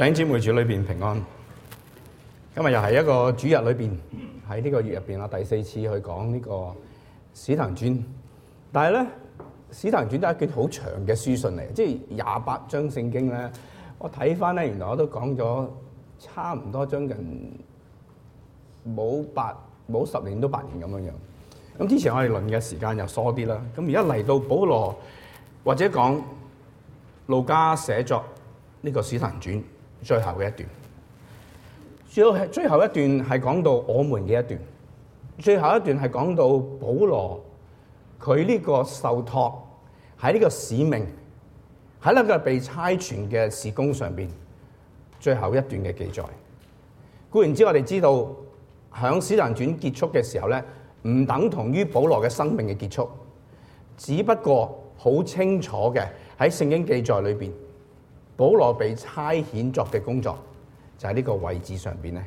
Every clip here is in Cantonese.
弟兄姊妹主裏邊平安，今日又係一個主日裏邊，喺呢個月入邊啊第四次去講呢個使徒行傳，但係咧，使徒行傳都係一卷好長嘅書信嚟，即係廿八章聖經咧。我睇翻咧，原來我都講咗差唔多將近冇八冇十年都八年咁樣樣。咁之前我哋論嘅時間又疏啲啦。咁而家嚟到保羅或者講路加寫作呢個使徒行傳。最後嘅一段，最最後一段係講到我們嘅一段，最後一段係講，講到保羅佢呢個受託喺呢個使命喺呢個被差傳嘅事工上邊最後一段嘅記載。固然之，我哋知道喺《使徒行傳》結束嘅時候咧，唔等同於保羅嘅生命嘅結束，只不過好清楚嘅喺聖經記載裏邊。保羅被差遣作嘅工作，就喺呢個位置上邊咧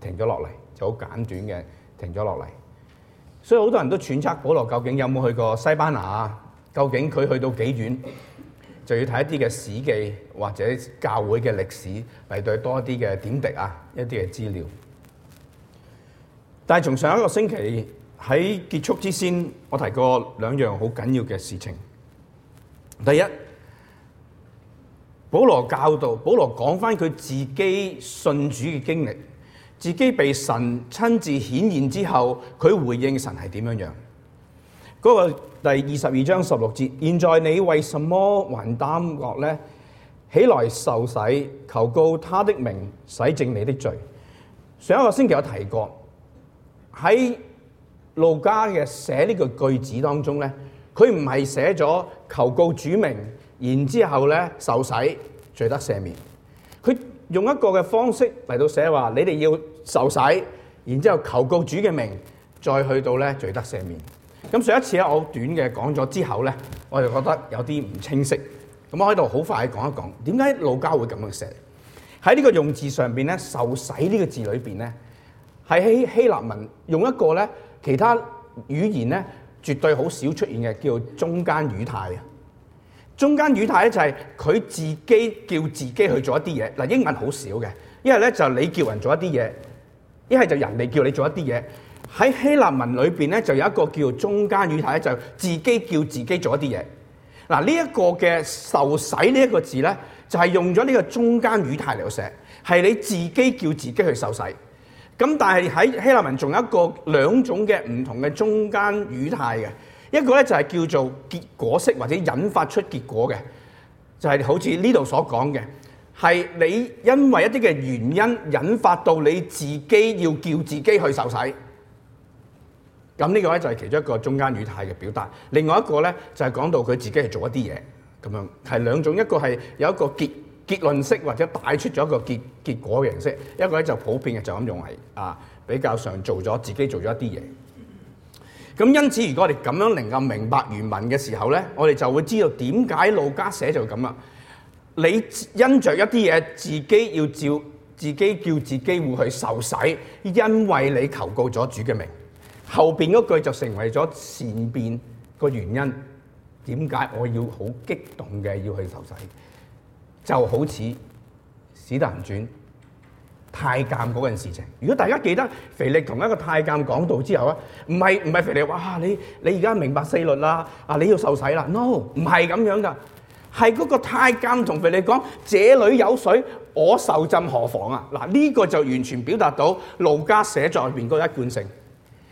停咗落嚟，就好簡短嘅停咗落嚟。所以好多人都揣測保羅究竟有冇去過西班牙啊？究竟佢去到幾遠？就要睇一啲嘅史記或者教會嘅歷史嚟對多一啲嘅點滴啊，一啲嘅資料。但係從上一個星期喺結束之先，我提過兩樣好緊要嘅事情。第一。保羅教導，保羅講翻佢自己信主嘅經歷，自己被神親自顯現之後，佢回應神係點樣樣？嗰個第二十二章十六節，現在你為什麼還耽擱呢？起來受洗，求告他的名，洗淨你的罪。上一個星期有提過喺路加嘅寫呢個句子當中呢，佢唔係寫咗求告主名。然之後咧受洗，罪得赦免。佢用一個嘅方式嚟到寫話：你哋要受洗，然之後求告主嘅名，再去到咧罪得赦免。咁上一次咧我短嘅講咗之後咧，我就覺得有啲唔清晰。咁我喺度好快講一講，點解路加會咁樣寫？喺呢個用字上面咧，受洗呢個字裏面咧，喺希希臘文用一個咧其他語言咧絕對好少出現嘅，叫中間語態啊。中間語態咧就係佢自己叫自己去做一啲嘢。嗱，英文好少嘅，因為咧就你叫人做一啲嘢，一係就人哋叫你做一啲嘢。喺希臘文裏邊咧就有一個叫中間語態咧，就自己叫自己做一啲嘢。嗱，呢一個嘅受洗呢一個字咧，就係用咗呢個中間語態嚟到寫，係你自己叫自己去受洗。咁但係喺希臘文仲有一個兩種嘅唔同嘅中間語態嘅。一個咧就係叫做結果式或者引發出結果嘅，就係好似呢度所講嘅，係你因為一啲嘅原因引發到你自己要叫自己去受洗。咁呢個咧就係其中一個中間語態嘅表達。另外一個咧就係講到佢自己係做一啲嘢，咁樣係兩種，一個係有一個結結論式或者帶出咗一個結結果嘅形式，一個咧就普遍嘅就咁用嚟啊比較上做咗自己做咗一啲嘢。咁因此，如果我哋咁樣能夠明白原文嘅時候咧，我哋就會知道點解路加寫就咁啦。你因着一啲嘢，自己要照，自己叫自己會去受洗，因為你求告咗主嘅名。後邊嗰句就成為咗前面個原因。點解我要好激動嘅要去受洗？就好似《史人傳》太監嗰件事情，如果大家記得肥力同一個太監講到之後咧，唔係唔係肥力，哇！你你而家明白四律啦，啊你要受洗啦？No，唔係咁樣噶，係嗰個太監同肥力講，這裡有水，我受浸何妨啊？嗱，呢個就完全表達到路加寫作入邊嗰個一貫性，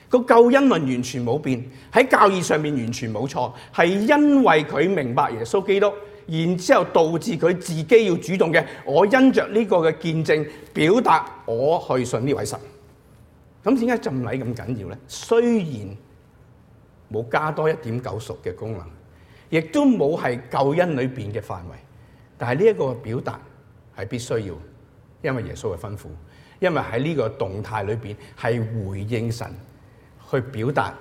個救恩論完全冇變，喺教義上面完全冇錯，係因為佢明白耶穌基督。然之後導致佢自己要主動嘅，我因着呢個嘅見證，表達我去信呢位神。咁點解浸禮咁緊要咧？雖然冇加多一點救贖嘅功能，亦都冇係救恩裏邊嘅範圍，但係呢一個表達係必須要，因為耶穌嘅吩咐，因為喺呢個動態裏邊係回應神，去表達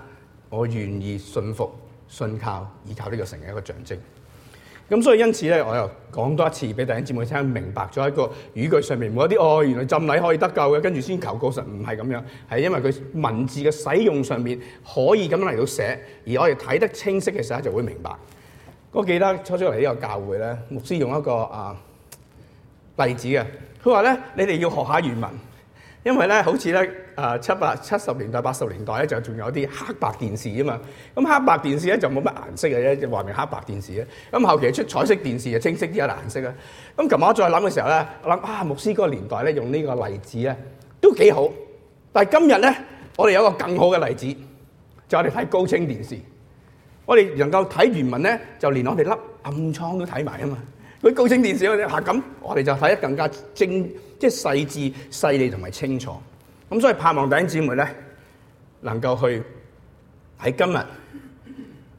我願意信服、信靠、依靠呢個神嘅一個象徵。咁所以因此咧，我又講多一次俾弟兄姊妹聽，明白咗一個語句上面冇一啲哦，原來浸禮可以得救嘅，跟住先求告神唔係咁樣，係因為佢文字嘅使用上面可以咁樣嚟到寫，而我哋睇得清晰嘅時候就會明白。我、那個、記得初初嚟呢個教會咧，牧師用一個啊例子啊，佢話咧你哋要學一下原文。因為咧，好似咧，誒七百七十年代、八十年代咧，就仲有啲黑白電視啊嘛。咁黑白電視咧就冇乜顏色嘅啫，就話明黑白電視啊。咁後期出彩色電視就清晰啲有顏色啦。咁琴晚我再諗嘅時候咧，我諗啊，牧師嗰個年代咧用呢個例子咧都幾好。但係今日咧，我哋有一個更好嘅例子，就係、我哋睇高清電視，我哋能夠睇原文咧，就連我哋粒暗瘡都睇埋啊嘛。佢高清電視嗰啲拍咁，我哋就睇得更加精，即係細緻、細膩同埋清楚。咁所以盼望弟兄姊妹咧，能夠去喺今日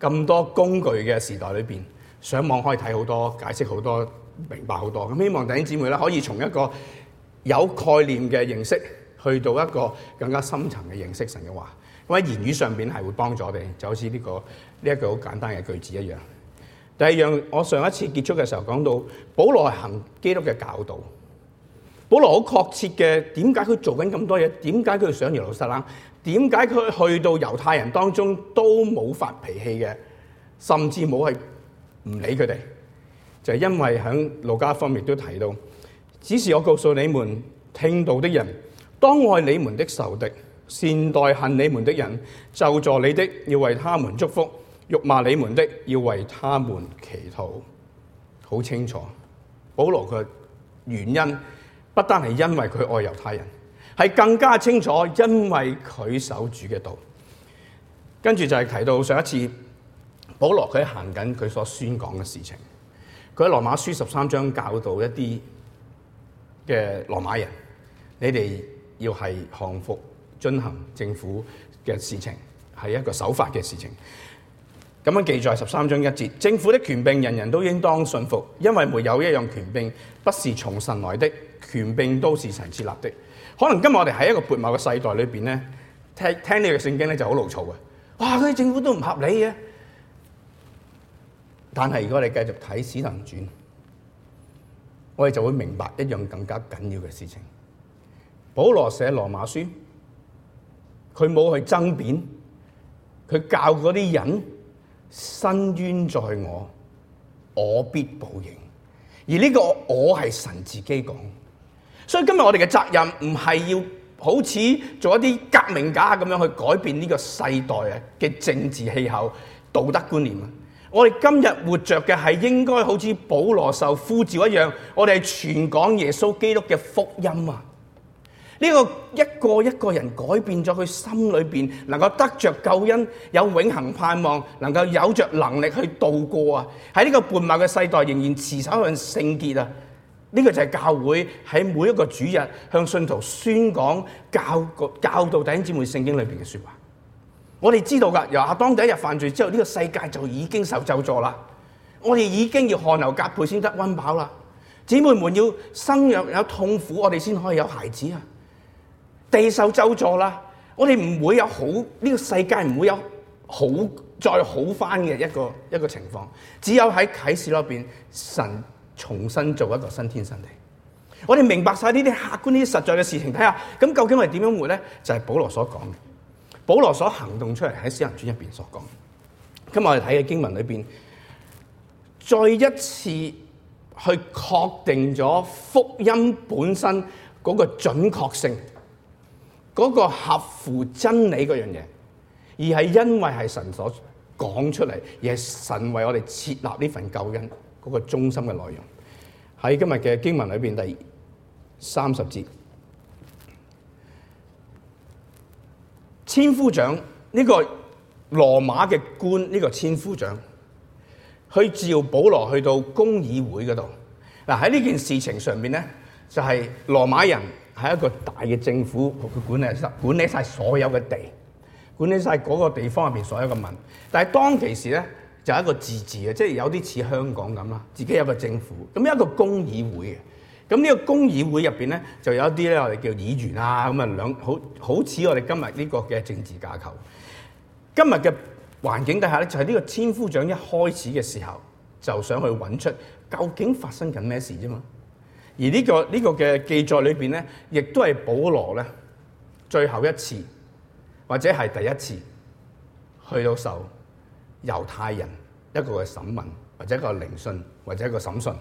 咁多工具嘅時代裏邊，上網可以睇好多、解釋好多、明白好多。咁希望弟兄姊妹咧，可以從一個有概念嘅認識，去到一個更加深層嘅認識神嘅話。咁喺言語上邊係會幫助我哋，就好似呢、呢個呢一句好簡單嘅句子一樣。第二樣，我上一次結束嘅時候講到，保羅行基督嘅教導。保羅好確切嘅，點解佢做緊咁多嘢？點解佢上耶路撒冷？點解佢去到猶太人當中都冇發脾氣嘅，甚至冇係唔理佢哋？就係、是、因為喺路加方面都提到，只是我告訴你們，聽道的人當愛你們的仇敵，善待恨你們的人，就助你的要為他們祝福。辱罵你們的，要為他們祈禱，好清楚。保羅佢原因不單係因為佢愛猶太人，係更加清楚，因為佢守主嘅道。跟住就係提到上一次，保羅佢行緊佢所宣講嘅事情。佢喺羅馬書十三章教導一啲嘅羅馬人：你哋要係降服、遵行政府嘅事情，係一個守法嘅事情。咁樣記載十三章一節，政府的權柄，人人都應當信服，因為沒有一樣權柄不是從神來的，權柄都是神設立的。可能今日我哋喺一個撥馬嘅世代裏面咧，聽聽你嘅聖經咧就好老躁嘅，哇！佢啲政府都唔合理嘅。但係如果你繼續睇使徒行傳，我哋就會明白一樣更加緊要嘅事情。保羅寫羅馬書，佢冇去爭辯，佢教嗰啲人。伸冤在我，我必報應。而呢個我係神自己講，所以今日我哋嘅責任唔係要好似做一啲革命家咁樣去改變呢個世代嘅嘅政治氣候、道德觀念啊！我哋今日活着嘅係應該好似保羅受呼召一樣，我哋係傳講耶穌基督嘅福音啊！呢個一個一個人改變咗佢心裏邊，能夠得着救恩，有永恒盼望，能夠有着能力去度過啊！喺呢個敗壞嘅世代，仍然持守向聖潔啊！呢、這個就係教會喺每一個主日向信徒宣講教，個教導弟兄姊妹聖經裏邊嘅說話。我哋知道噶，由亞當第一日犯罪之後，呢、這個世界就已經受咒詛啦。我哋已經要汗流浹背先得溫飽啦。姊妹們要生育有痛苦，我哋先可以有孩子啊！地受周助啦，我哋唔會有好呢、這個世界，唔會有好再好翻嘅一個一個情況。只有喺啟示嗰邊，神重新做一個新天新地。我哋明白晒呢啲客觀呢啲實在嘅事情，睇下咁究竟我哋點樣活咧？就係、是、保羅所講嘅，保羅所行動出嚟，喺使徒行傳入邊所講。今日我哋睇嘅經文裏邊，再一次去確定咗福音本身嗰個準確性。嗰個合乎真理嗰樣嘢，而係因為係神所講出嚟，而係神為我哋設立呢份救恩嗰個中心嘅內容。喺今日嘅經文裏邊第三十節，千夫長呢個羅馬嘅官呢個千夫長去召保羅去到公議會嗰度。嗱，喺呢件事情上面咧，就係羅馬人。係一個大嘅政府，佢管理曬管理曬所有嘅地，管理晒嗰個地方入邊所有嘅民。但係當其時咧，就係一個自治嘅，即係有啲似香港咁啦，自己有個政府。咁一個公議會嘅，咁呢個公議會入邊咧，就有一啲咧，我哋叫議員啊，咁啊兩好好似我哋今日呢個嘅政治架構。今日嘅環境底下咧，就係呢個千夫長一開始嘅時候，就想去揾出究竟發生緊咩事啫嘛。而呢、這個呢、這個嘅記載裏邊咧，亦都係保羅咧最後一次，或者係第一次去到受猶太人一個嘅審問，或者一個聆訊，或者一個審訊，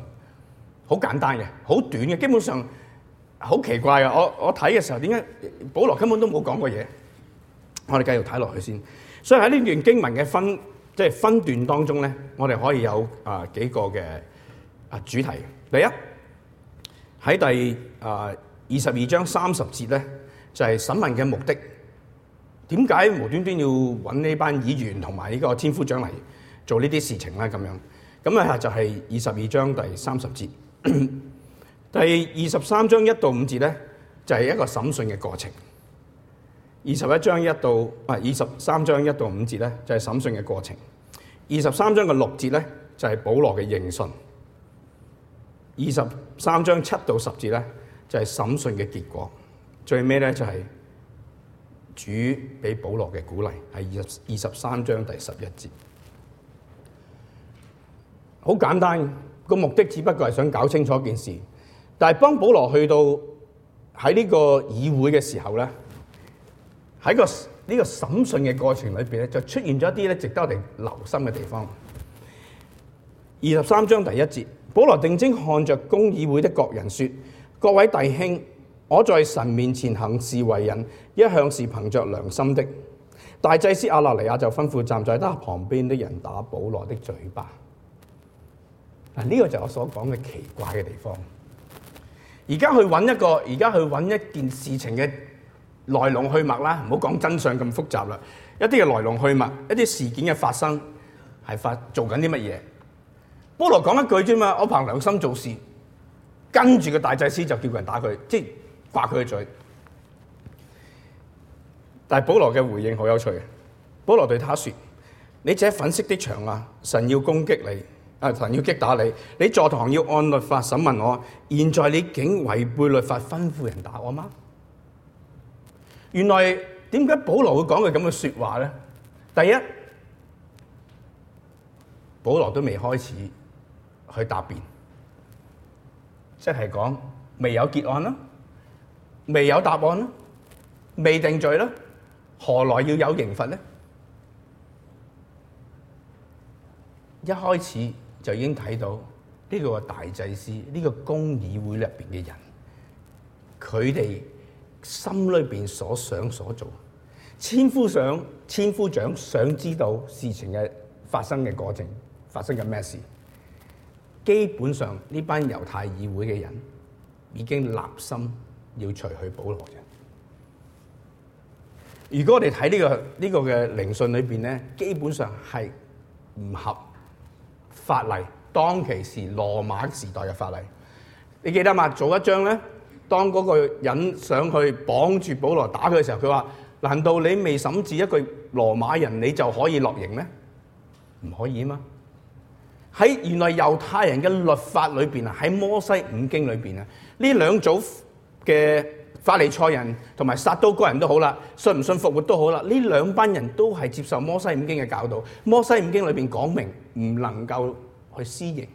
好簡單嘅，好短嘅，基本上好奇怪啊！我我睇嘅時候，點解保羅根本都冇講過嘢？我哋繼續睇落去先。所以喺呢段經文嘅分即係、就是、分段當中咧，我哋可以有啊幾個嘅啊主題，第一。喺第啊二十二章三十節咧，就係、是、審問嘅目的。點解無端端要搵呢班議員同埋呢個千夫長嚟做呢啲事情咧？咁樣咁啊， 就係二十二章第三十節。第二十三章一到五節咧，就係一個審訊嘅過程。二十一章一到唔係二十三章一到五節咧，就係、是、審訊嘅過程。二十三章嘅六節咧，就係、是、保羅嘅認信。二十三章七到十節咧，就係審訊嘅結果。最尾咧就係主俾保羅嘅鼓勵，係二十二十三章第十一節。好簡單，個目的只不過係想搞清楚一件事。但係當保羅去到喺呢個議會嘅時候咧，喺個呢個審訊嘅過程裏邊咧，就出現咗一啲咧值得我哋留心嘅地方。二十三章第一節。保羅定睛看着公議會的各人說：各位弟兄，我在神面前行事為人，一向是憑着良心的。大祭司亞拿尼亞就吩咐站在他旁邊的人打保羅的嘴巴。嗱，呢個就係我所講嘅奇怪嘅地方。而家去揾一個，而家去揾一件事情嘅來龍去脈啦，唔好講真相咁複雜啦。一啲嘅來龍去脈，一啲事件嘅發生，係發做緊啲乜嘢？保羅講一句啫嘛，我憑良心做事，跟住個大祭司就叫人打佢，即係刮佢嘅嘴。但係保羅嘅回應好有趣，保羅對他說：你這粉飾的牆啊，神要攻擊你，啊神要擊打你，你坐堂要按律法審問我，現在你竟違背律法吩咐人打我嗎？原來點解保羅會講佢咁嘅說話咧？第一，保羅都未開始。去答辯，即係講未有結案啦，未有答案啦，未定罪啦，何來要有刑罰咧？一開始就已經睇到呢個大祭司呢個公議會入邊嘅人，佢哋心裏邊所想所做，千夫想千夫長想知道事情嘅發生嘅過程，發生緊咩事？基本上呢班猶太議會嘅人已經立心要除去保羅嘅。如果我哋睇呢個呢、這個嘅聆訊裏邊咧，基本上係唔合法例。當其時羅馬時代嘅法例，你記得嘛？早一章咧，當嗰個人上去綁住保羅打佢嘅時候，佢話：難道你未審治一個羅馬人，你就可以落刑咩？唔可以吖嘛？喺原來猶太人嘅律法裏邊啊，喺摩西五經裏邊啊，呢兩組嘅法利賽人同埋撒都該人都好啦，信唔信復活都好啦，呢兩班人都係接受摩西五經嘅教導。摩西五經裏邊講明唔能夠去施刑、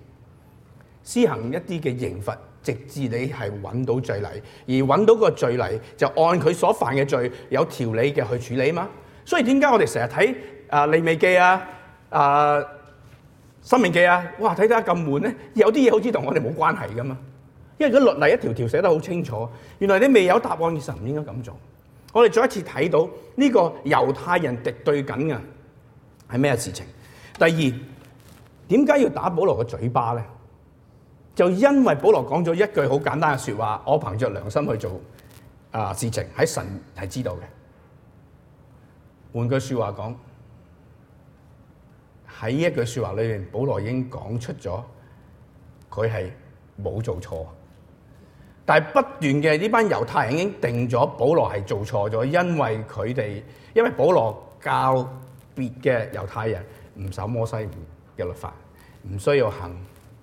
施行一啲嘅刑罰，直至你係揾到罪例，而揾到個罪例就按佢所犯嘅罪有條理嘅去處理嘛。所以點解我哋成日睇啊利未記啊啊？生命記啊！哇，睇得咁悶咧，有啲嘢好似同我哋冇關係噶嘛？因為如果律例一條條寫得好清楚，原來你未有答案嘅時候唔應該咁做。我哋再一次睇到呢、這個猶太人敵對緊啊係咩事情？第二點解要打保羅個嘴巴咧？就因為保羅講咗一句好簡單嘅說話，我憑着良心去做啊事情，喺神係知道嘅。換句話說話講。喺呢一句説話裏面，保羅已經講出咗佢係冇做錯，但係不斷嘅呢班猶太人已經定咗保羅係做錯咗，因為佢哋因為保羅教別嘅猶太人唔守摩西嘅律法，唔需要行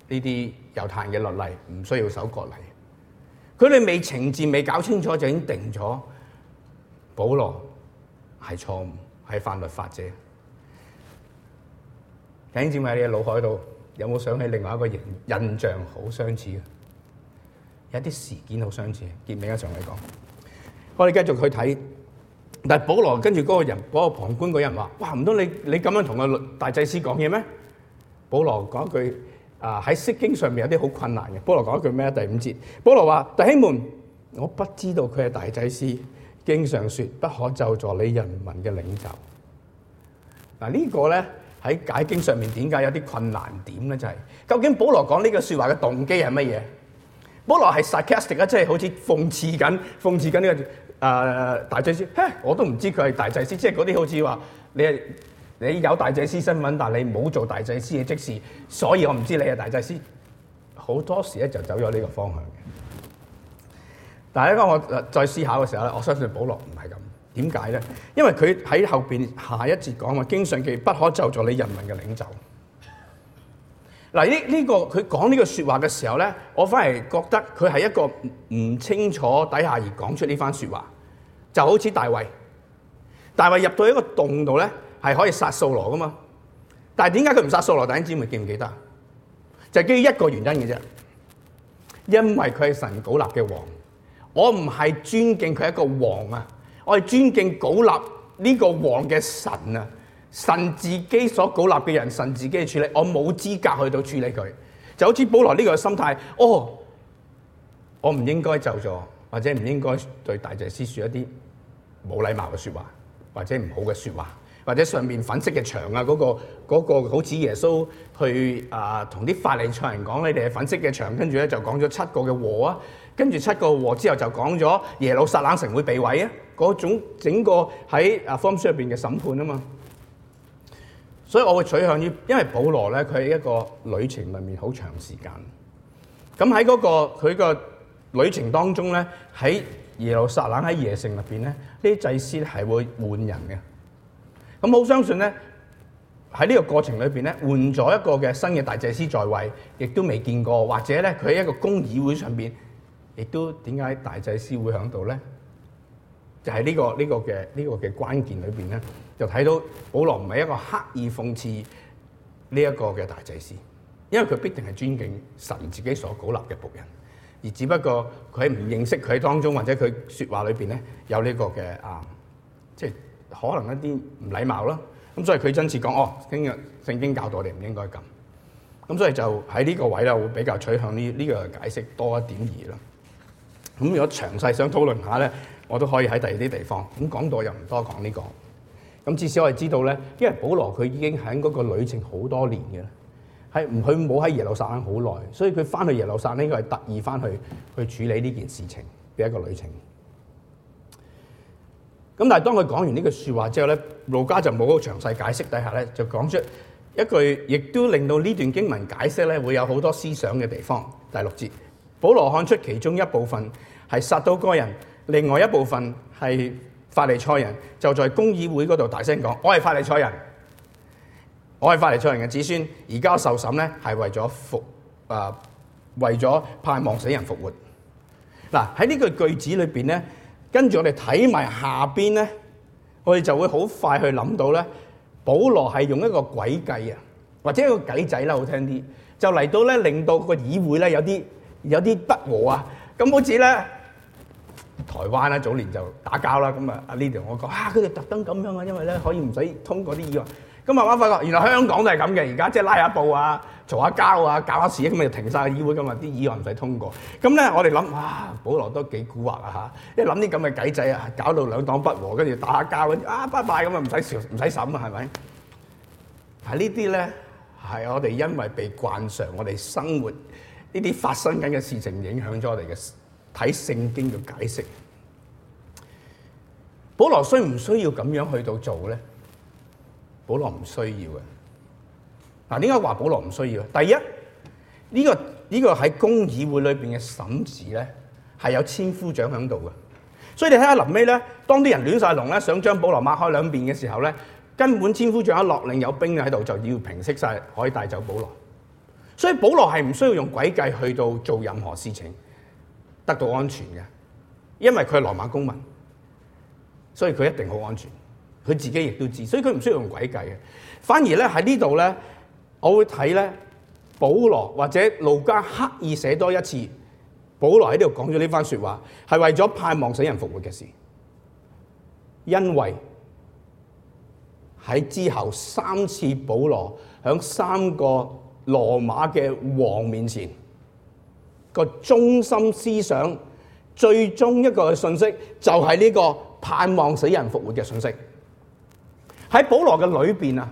呢啲猶太人嘅律例，唔需要守國例，佢哋未情節未搞清楚就已經定咗保羅係錯誤，係犯律法者。影住喺你嘅腦海度，有冇想起另外一個印印象好相似嘅？有啲事件好相似嘅。結尾一樣嚟講，我哋繼續去睇。但係保羅跟住嗰個人，嗰、那個旁觀嗰人話，哇，唔通你你咁樣同個大祭司講嘢咩？保羅講句啊，喺聖經上面有啲好困難嘅。保羅講一句咩？第五節，保羅話，弟兄們，我不知道佢係大祭司，經常說不可就助你人民嘅領袖。嗱、啊這個、呢個咧。喺解經上面點解有啲困難點咧？就係、是、究竟保羅講呢個說話嘅動機係乜嘢？保羅係 sarcastic 啊，即係好似諷刺緊諷刺緊呢、這個誒、呃、大祭司。嘿，我都唔知佢係大祭司，即係啲好似話你係你有大祭司身份，但係你冇做大祭司嘅即事，所以我唔知你係大祭司。好多時咧就走咗呢個方向嘅。但係咧，我再思考嘅時候咧，我相信保羅唔係咁。點解咧？因為佢喺後邊下一節講啊，經上記，不可咒詛你人民嘅領袖。嗱，呢呢個佢講呢個説這話嘅時候咧，我反而覺得佢係一個唔清楚底下而講出呢番説話，就好似大衛。大衛入到一個洞度咧，係可以殺掃羅噶嘛。但係點解佢唔殺掃羅？大家知唔知，記唔記得？就係基於一個原因嘅啫，因為佢係神膏立嘅王，我唔係尊敬佢一個王啊。我係尊敬鼓立呢個王嘅神啊！神自己所鼓立嘅人，神自己嘅處理，我冇資格去到處理佢。就好似保羅呢個心態，哦，我唔應該就咗，或者唔應該對大祭司説一啲冇禮貌嘅説話，或者唔好嘅説話，或者上面粉飾嘅牆啊，嗰、嗰個、嗰個、好似耶穌去啊同啲法利賽人講，你哋係粉飾嘅牆，跟住咧就講咗七個嘅禍啊，跟住七個禍之後就講咗耶路撒冷城會被毀啊！嗰種整個喺啊方書入邊嘅審判啊嘛，所以我會取向於，因為保羅咧，佢喺一個旅程入面好長時間。咁喺嗰個佢個旅程當中咧，喺耶路撒冷喺耶城入邊咧，啲祭司係會換人嘅。咁好相信咧，喺呢個過程裏邊咧，換咗一個嘅新嘅大祭司在位，亦都未見過，或者咧佢喺一個公議會上邊，亦都點解大祭司會喺度咧？就喺呢、這個呢、這個嘅呢、這個嘅關鍵裏邊咧，就睇到保羅唔係一個刻意諷刺呢一個嘅大祭司，因為佢必定係尊敬神自己所鼓立嘅僕人，而只不過佢唔認識佢喺當中，或者佢説話裏邊咧有呢個嘅啊，即係可能一啲唔禮貌咯。咁所以佢真係講哦，今日聖經教導我哋唔應該咁。咁所以就喺呢個位咧，會比較取向呢呢個解釋多一點兒咯。咁如果詳細想討論下咧。我都可以喺第二啲地方，咁講到又唔多講呢個。咁至少我哋知道咧，因為保羅佢已經喺嗰個旅程好多年嘅，係唔佢冇喺耶路撒冷好耐，所以佢翻去耶路撒冷應該係特意翻去去處理呢件事情，嘅一個旅程。咁但係當佢講完呢句説話之後咧，路加就冇詳細解釋底下咧，就講出一句，亦都令到呢段經文解釋咧會有好多思想嘅地方。第六節，保羅看出其中一部分係撒都該人。另外一部分係法利賽人，就在公議會嗰度大聲講：我係法利賽人，我係法利賽人嘅子孫。而家受審咧，係為咗復啊，為咗盼望死人復活。嗱，喺呢句句子裏邊咧，跟住我哋睇埋下邊咧，我哋就會好快去諗到咧，保羅係用一個鬼計啊，或者一個鬼仔啦，好聽啲，就嚟到咧，令到個議會咧有啲有啲不和啊。咁好似咧。台灣咧早年就打交啦，咁啊阿 l i 我講啊，佢哋特登咁樣啊，因為咧可以唔使通過啲議案。咁慢慢發覺原來香港都係咁嘅，而家即係拉下布啊、嘈下交啊、搞事停下事咁咪停曬議會，咁啊啲議案唔使通過。咁咧我哋諗啊，保羅都幾蠱惑啊嚇，因為諗啲咁嘅鬼仔啊，搞到兩黨不和，跟住打下交，啊拜拜咁啊唔使唔使審啊，係咪？但係呢啲咧係我哋因為被慣常我哋生活呢啲發生緊嘅事情影響咗我哋嘅。睇聖經嘅解釋，保羅需唔需要咁樣去到做咧？保羅唔需要嘅。嗱，點解話保羅唔需要？第一，呢、這個呢、這個喺公議會裏邊嘅審視咧，係有千夫長喺度嘅。所以你睇下臨尾咧，當啲人亂晒龍咧，想將保羅擘開兩邊嘅時候咧，根本千夫長一落令有在裏，有兵喺度就要平息晒，可以帶走保羅。所以保羅係唔需要用詭計去到做任何事情。得到安全嘅，因為佢係羅馬公民，所以佢一定好安全。佢自己亦都知道，所以佢唔需要用詭計嘅。反而咧，喺呢度咧，我會睇咧，保羅或者路加刻意寫多一次，保羅喺呢度講咗呢番說話，係為咗盼望死人復活嘅事。因為喺之後三次，保羅響三個羅馬嘅王面前。個中心思想，最終一個嘅信息就係、是、呢個盼望死人復活嘅信息。喺保羅嘅裏面，啊，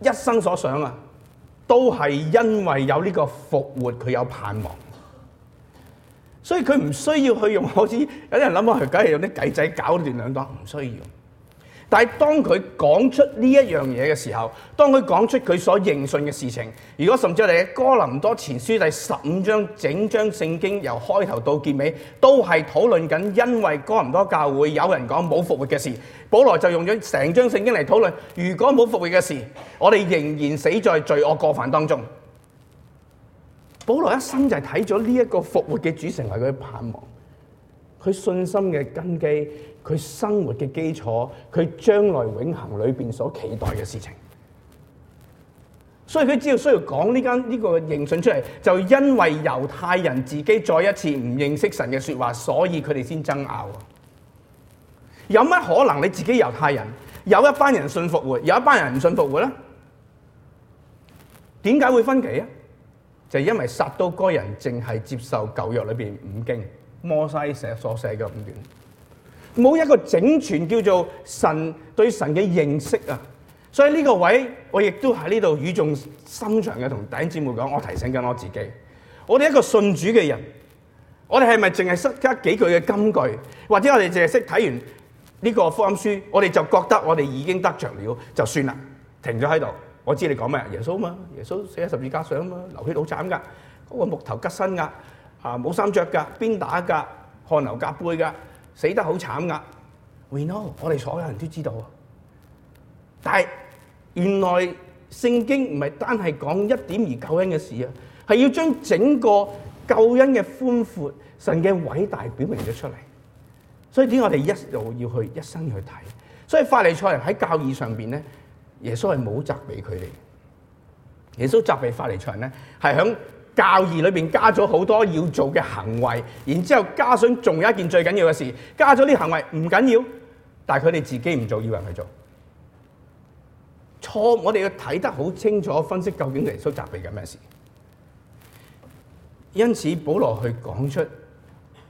一生所想啊，都係因為有呢個復活，佢有盼望。所以佢唔需要去用好似有啲人諗啊，佢梗係用啲計仔搞掂兩檔，唔需要。但係當佢講出呢一樣嘢嘅時候，當佢講出佢所認信嘅事情，如果甚至我哋喺哥林多前書第十五章整章聖經由開頭到結尾都係討論緊，因為哥林多教會有人講冇復活嘅事，保羅就用咗成章聖經嚟討論，如果冇復活嘅事，我哋仍然死在罪惡過犯當中。保羅一生就係睇咗呢一個復活嘅主成為佢嘅盼望，佢信心嘅根基。佢生活嘅基礎，佢將來永恆裏邊所期待嘅事情，所以佢只要需要講呢間呢個認信出嚟，就因為猶太人自己再一次唔認識神嘅説話，所以佢哋先爭拗。有乜可能你自己猶太人有一班人信復活？有一班人唔信復活咧？點解會分歧？啊？就是、因為撒都該人淨係接受舊約裏邊五經摩西寫所寫嘅五段。冇一個整全叫做神對神嘅認識啊！所以呢個位我亦都喺呢度語重心長嘅同弟兄姊妹講，我提醒緊我自己：我哋一個信主嘅人，我哋係咪淨係識加幾句嘅金句，或者我哋淨係識睇完呢個福音書，我哋就覺得我哋已經得着了就算啦，停咗喺度。我知你講咩？耶穌嘛，耶穌死喺十字架上啊嘛，流血好慘噶，嗰個木頭吉身噶，啊冇、啊、衫着噶，鞭打噶，汗流浹背噶。死得好慘噶、啊、we know，我哋所有人都知道。啊。但係原來聖經唔係單係講一點而救恩嘅事啊，係要將整個救恩嘅寬闊、神嘅偉大表明咗出嚟。所以點解我哋一路要去一生去睇。所以法利賽人喺教義上邊咧，耶穌係冇責備佢哋。耶穌責備法利賽人咧，係響教義裏邊加咗好多要做嘅行為，然之後加上仲有一件最緊要嘅事，加咗啲行為唔緊要，但係佢哋自己唔做，要人去做。錯，我哋要睇得好清楚，分析究竟耶穌責備緊咩事。因此，保羅去講出，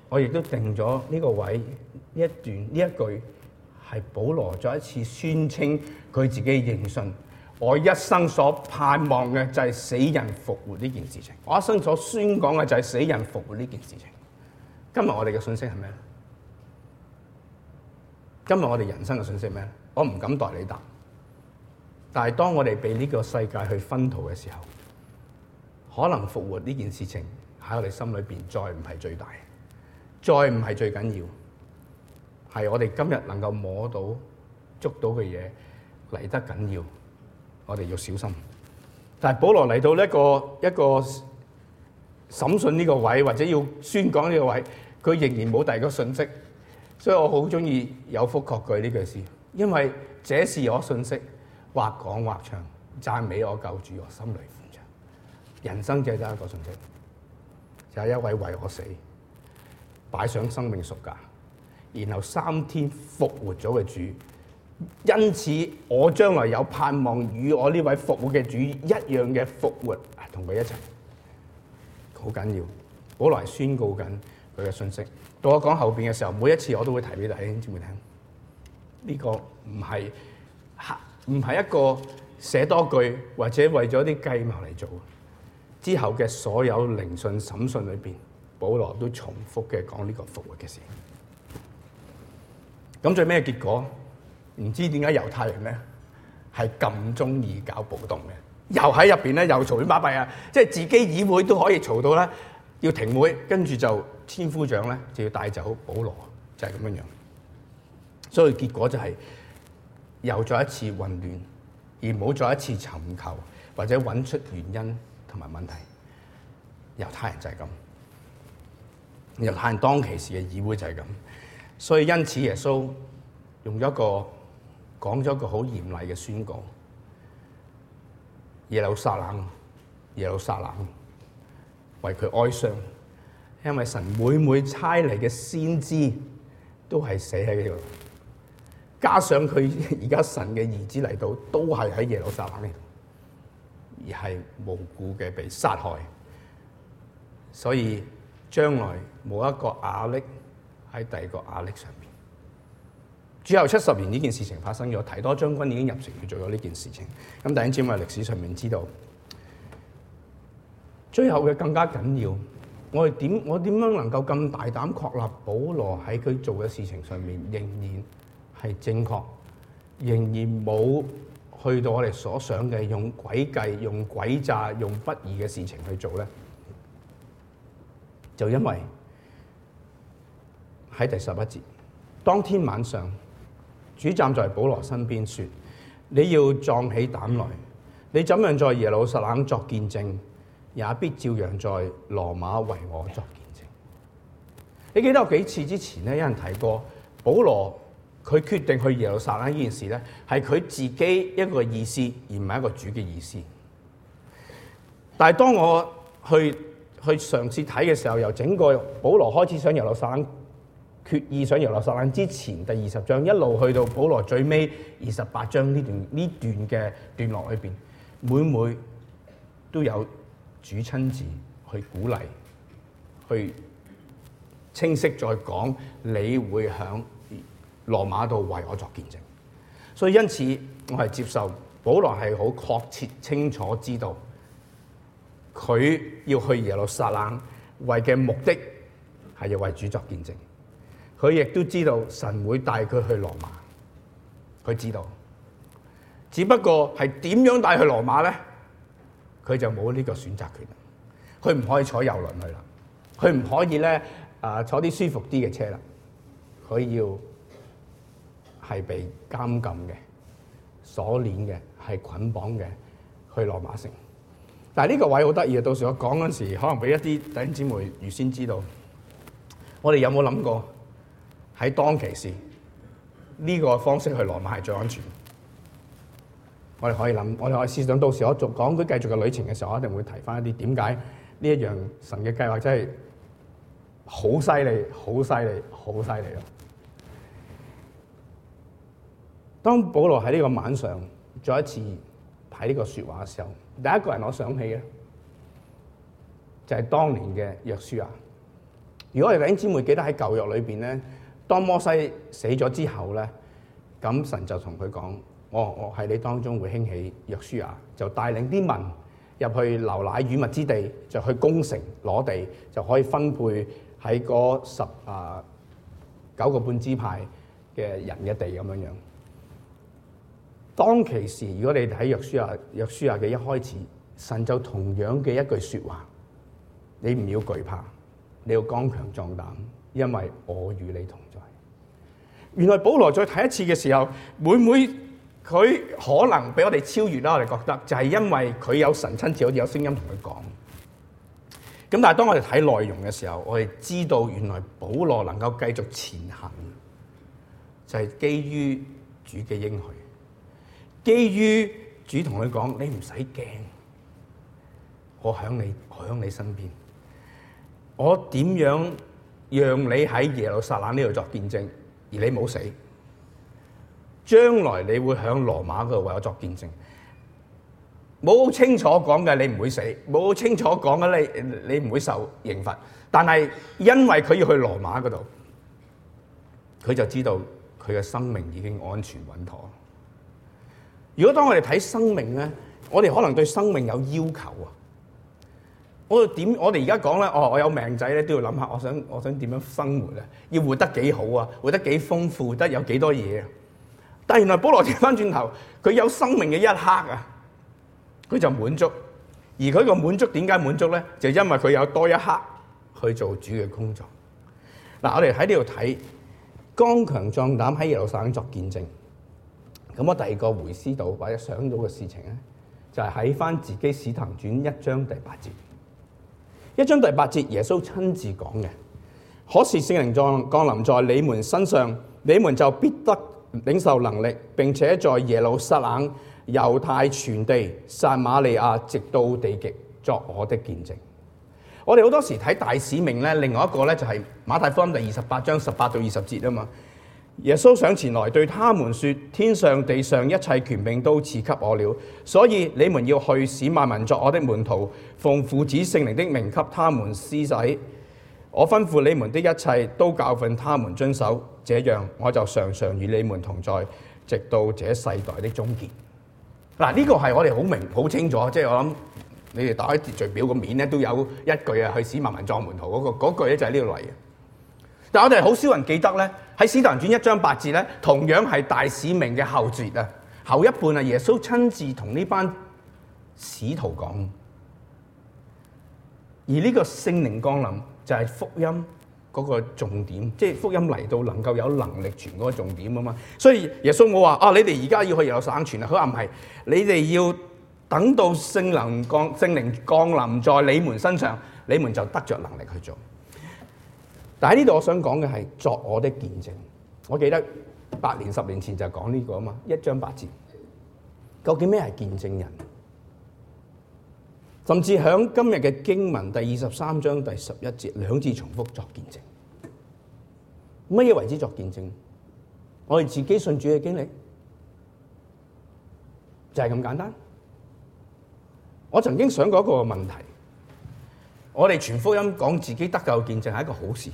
我亦都定咗呢個位呢一段呢一句，係保羅再一次宣稱佢自己認信。我一生所盼望嘅就係死人復活呢件事情。我一生所宣講嘅就係死人復活呢件事情。今日我哋嘅信息係咩？今日我哋人生嘅信息係咩？我唔敢代你答。但係當我哋被呢個世界去熏陶嘅時候，可能復活呢件事情喺我哋心裏邊再唔係最大，再唔係最緊要，係我哋今日能夠摸到、捉到嘅嘢嚟得緊要。我哋要小心，但係保羅嚟到呢一個一個審訊呢個位，或者要宣講呢個位，佢仍然冇第二個信息，所以我好中意有福確據呢句詩，因為這是我信息，或講或唱，讚美我救主，我心裏歡暢。人生就係得一個信息，就係、是、一位為我死，擺上生命贖價，然後三天復活咗嘅主。因此，我將來有盼望與我呢位復活嘅主一樣嘅復活，同佢一齊。好緊要，保羅係宣告緊佢嘅信息。到我講後邊嘅時候，每一次我都會提俾大家聽。呢個唔係吓，唔係一個寫多句或者為咗啲計謀嚟做。之後嘅所有聆訊審訊裏邊，保羅都重複嘅講呢個復活嘅事。咁最尾嘅結果。唔知點解猶太人咧係咁中意搞暴動嘅，又喺入邊咧又嘈冤巴閉啊！即係自己議會都可以嘈到咧要停會，跟住就千夫長咧就要帶走保羅，就係咁樣樣。所以結果就係、是、又再一次混亂，而冇再一次尋求或者揾出原因同埋問題。猶太人就係咁，猶太人當其時嘅議會就係咁。所以因此耶穌用咗一個。講咗個好嚴厲嘅宣告，耶路撒冷，耶路撒冷，為佢哀傷，因為神每每差嚟嘅先知都係死喺呢度，加上佢而家神嘅兒子嚟到都係喺耶路撒冷呢度，而係無辜嘅被殺害，所以將來冇一個壓力喺第二個壓力上面。最後七十年呢件事情發生咗，提多將軍已經入城去做咗呢件事情。咁大家知唔知歷史上面知道？最後嘅更加緊要，我哋點我點樣能夠咁大膽確立保羅喺佢做嘅事情上面仍然係正確，仍然冇去到我哋所想嘅用詭計、用詭詐、用不義嘅事情去做咧？就因為喺第十一節，當天晚上。主站在保羅身邊說：你要壯起膽來，你怎樣在耶路撒冷作見證，也必照樣在羅馬為我作見證。你記得有幾次之前咧，有人提過保羅佢決定去耶路撒冷呢件事咧，係佢自己一個的意思，而唔係一個主嘅意思。但係當我去去嘗試睇嘅時候，由整個保羅開始想耶路撒冷。決意上耶路撒冷之前第，第二十章一路去到保羅最尾二十八章，呢段呢段嘅段落裏面，每每都有主親自去鼓勵，去清晰再講你會響羅馬度為我作見證。所以因此，我係接受保羅係好確切清楚知道佢要去耶路撒冷為嘅目的係要為主作見證。佢亦都知道神會帶佢去羅馬，佢知道。只不過係點樣帶去羅馬咧？佢就冇呢個選擇權，佢唔可以坐遊輪去啦，佢唔可以咧啊坐啲舒服啲嘅車啦，佢要係被監禁嘅、鎖鏈嘅、係捆綁嘅去羅馬城。但係呢個位好得意啊！到時我講嗰陣時，可能俾一啲弟兄姊妹預先知道，我哋有冇諗過？喺當其時呢、這個方式去羅馬係最安全。我哋可以諗，我哋可以試想到時我，我續講佢繼續嘅旅程嘅時候，我一定會提翻一啲點解呢一樣神嘅計劃真係好犀利、好犀利、好犀利咯。當保羅喺呢個晚上再一次睇呢個説話嘅時候，第一個人我想起嘅就係、是、當年嘅約書亞。如果我哋弟兄姊妹記得喺舊約裏邊咧。當摩西死咗之後咧，咁神就同佢講：我我喺你當中會興起約書亞、啊，就帶領啲民入去流奶與蜜之地，就去攻城攞地，就可以分配喺嗰十啊九個半支派嘅人嘅地咁樣樣。當其時，如果你睇約書亞約書亞嘅一開始，神就同樣嘅一句説話：你唔要懼怕，你要剛強壯膽，因為我與你同。原來保羅再睇一次嘅時候，每每佢可能俾我哋超越啦，我哋覺得就係因為佢有神親自好似有聲音同佢講。咁但係當我哋睇內容嘅時候，我哋知道原來保羅能夠繼續前行，就係、是、基於主嘅應許，基於主同佢講：你唔使驚，我喺你，我喺你身邊。我點樣讓你喺耶路撒冷呢度作見證。而你冇死，將來你會響羅馬嗰度為我作見證。冇清楚講嘅你唔會死，冇清楚講嘅你你唔會受刑罰。但係因為佢要去羅馬嗰度，佢就知道佢嘅生命已經安全穩妥。如果當我哋睇生命咧，我哋可能對生命有要求啊。我點我哋而家講咧？哦，我有命仔咧，都要諗下，我想我想點樣生活啊？要活得幾好啊？活得幾豐富？得有幾多嘢啊？但原來保羅轉翻轉頭，佢有生命嘅一刻啊，佢就滿足。而佢個滿足點解滿足咧？就因為佢有多一刻去做主嘅工作。嗱、啊，我哋喺呢度睇剛強壯膽喺耶路撒冷作見證。咁我第二個回思到或者想到嘅事情咧，就係喺翻自己使徒行傳一章第八節。一章第八節，耶穌親自講嘅：可是聖靈降降臨在你們身上，你們就必得領受能力；並且在耶路撒冷、猶太全地、撒瑪利亞，直到地極，作我的見證。我哋好多時睇大使命呢，另外一個呢，就係馬太福音第二十八章十八到二十節啊嘛。耶穌上前來對他們說：天上地上一切權柄都賜給我了，所以你們要去使萬民作我的門徒，奉父子聖靈的名給他們施洗。我吩咐你們的一切都教訓他們遵守，這樣我就常常與你們同在，直到這世代的終結。嗱、這個，呢個係我哋好明、好清楚，即、就、係、是、我諗你哋打喺秩序表個面咧，都有一句啊，去使萬民作門徒嗰句咧就喺呢度嚟嘅。但我哋好少人記得咧，喺《史徒行傳》一張八字咧，同樣係大使命嘅後節啊，後一半啊，耶穌親自同呢班使徒講，而呢個聖靈降臨就係福音嗰個重點，即、就、係、是、福音嚟到能夠有能力傳嗰個重點啊嘛。所以耶穌我話啊，你哋而家要去有省傳啊，佢話唔係，你哋要等到聖靈降聖靈降臨在你們身上，你們就得着能力去做。但喺呢度，我想講嘅係作我的見證。我記得八年十年前就講呢、這個啊嘛，一張白紙，究竟咩係見證人？甚至喺今日嘅經文第二十三章第十一節兩次重複作見證。乜嘢為之作見證？我哋自己信主嘅經歷就係、是、咁簡單。我曾經想過一個問題，我哋全福音講自己得救見證係一個好事。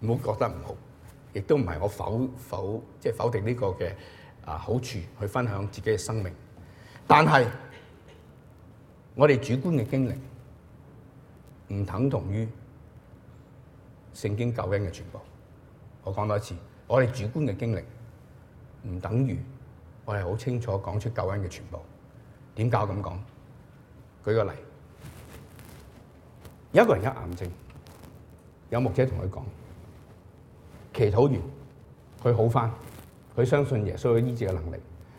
唔好覺得唔好，亦都唔係我否否即係、就是、否定呢個嘅啊好處去分享自己嘅生命。但係我哋主觀嘅經歷唔等同於聖經救恩嘅全部。我講多次，我哋主觀嘅經歷唔等於我係好清楚講出救恩嘅全部。點解我咁講？舉個例，有一個人有癌症，有牧者同佢講。祈禱完佢好翻，佢相信耶穌嘅醫治嘅能力。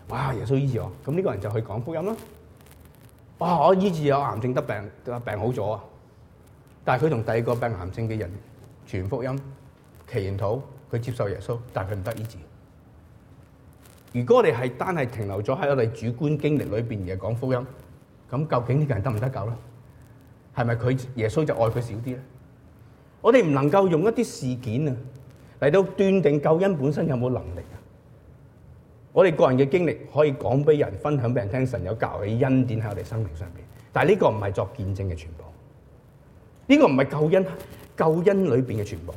哇！耶穌醫治我，咁呢個人就去講福音啦。哇！我醫治有癌症得病，病好咗啊！但係佢同第二個病癌症嘅人傳福音、祈禱，佢接受耶穌，但係佢唔得醫治。如果我哋係單係停留咗喺我哋主觀經歷裏邊而係講福音，咁究竟呢個人得唔得救咧？係咪佢耶穌就愛佢少啲咧？我哋唔能夠用一啲事件啊！嚟到斷定救恩本身有冇能力啊？我哋個人嘅經歷可以講俾人，分享俾人聽，神有教嘅恩典喺我哋生命上邊。但係呢個唔係作見證嘅全部，呢個唔係救恩，救恩裏邊嘅全部。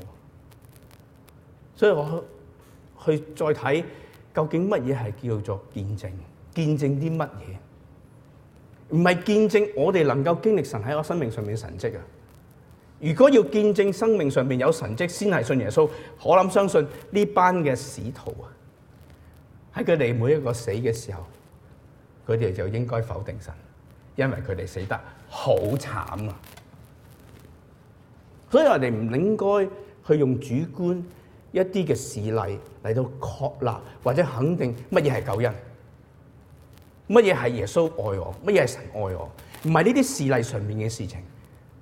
所以我去再睇究竟乜嘢係叫做見證？見證啲乜嘢？唔係見證我哋能夠經歷神喺我生命上面嘅神蹟啊！如果要見證生命上面有神蹟，先係信耶穌。我諗相信呢班嘅使徒啊，喺佢哋每一個死嘅時候，佢哋就應該否定神，因為佢哋死得好慘啊！所以我哋唔應該去用主觀一啲嘅事例嚟到確立或者肯定乜嘢係救恩，乜嘢係耶穌愛我，乜嘢係神愛我，唔係呢啲事例上面嘅事情。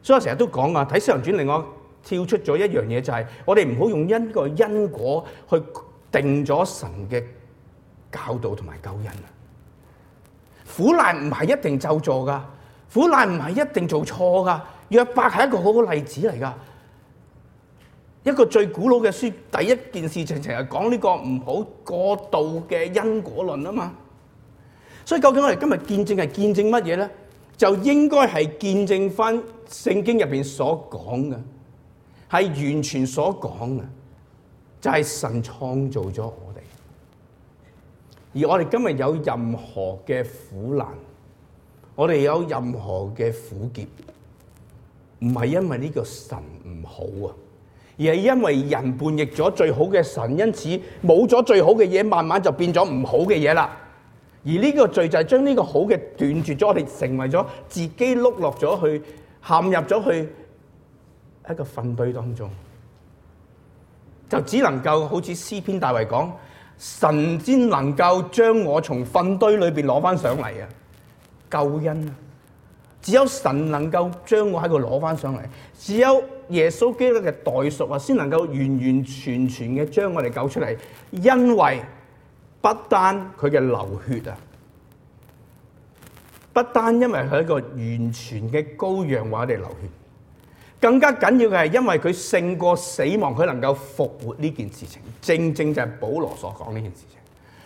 所以我成日都講啊，睇《使徒行傳》，令我跳出咗一樣嘢，就係我哋唔好用呢個因果去定咗神嘅教導同埋救恩啊！苦難唔係一定就做噶，苦難唔係一定做錯噶。約伯係一個好好例子嚟噶，一個最古老嘅書，第一件事情就係講呢個唔好過度嘅因果論啊嘛。所以究竟我哋今日見證係見證乜嘢咧？就應該係見證翻聖經入邊所講嘅，係完全所講嘅，就係神創造咗我哋。而我哋今日有任何嘅苦難，我哋有任何嘅苦澀，唔係因為呢個神唔好啊，而係因為人叛逆咗最好嘅神，因此冇咗最好嘅嘢，慢慢就變咗唔好嘅嘢啦。而呢個罪就係將呢個好嘅斷絕咗，我哋成為咗自己碌落咗去，陷入咗去一個糞堆當中，就只能夠好似詩篇大衛講，神先能夠將我從糞堆裏邊攞翻上嚟啊！救恩啊！只有神能夠將我喺度攞翻上嚟，只有耶穌基督嘅代贖啊，先能夠完完全全嘅將我哋救出嚟，因為，不單佢嘅流血啊，不單因為佢係一個完全嘅羔羊化嘅流血，更加緊要嘅係因為佢勝過死亡，佢能夠復活呢件事情。正正就係保羅所講呢件事情。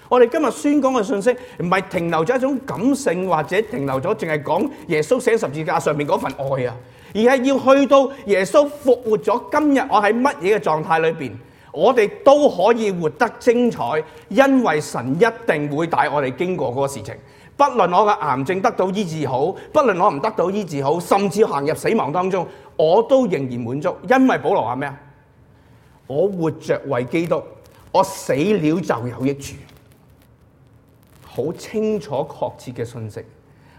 我哋今日宣講嘅信息唔係停留咗一種感性，或者停留咗淨係講耶穌死喺十字架上面嗰份愛啊，而係要去到耶穌復活咗，今日我喺乜嘢嘅狀態裏邊。我哋都可以活得精彩，因為神一定會帶我哋經過嗰個事情。不論我嘅癌症得到醫治好，不論我唔得到醫治好，甚至行入死亡當中，我都仍然滿足。因為保羅話咩啊？我活着為基督，我死了就有益處。好清楚確切嘅信息，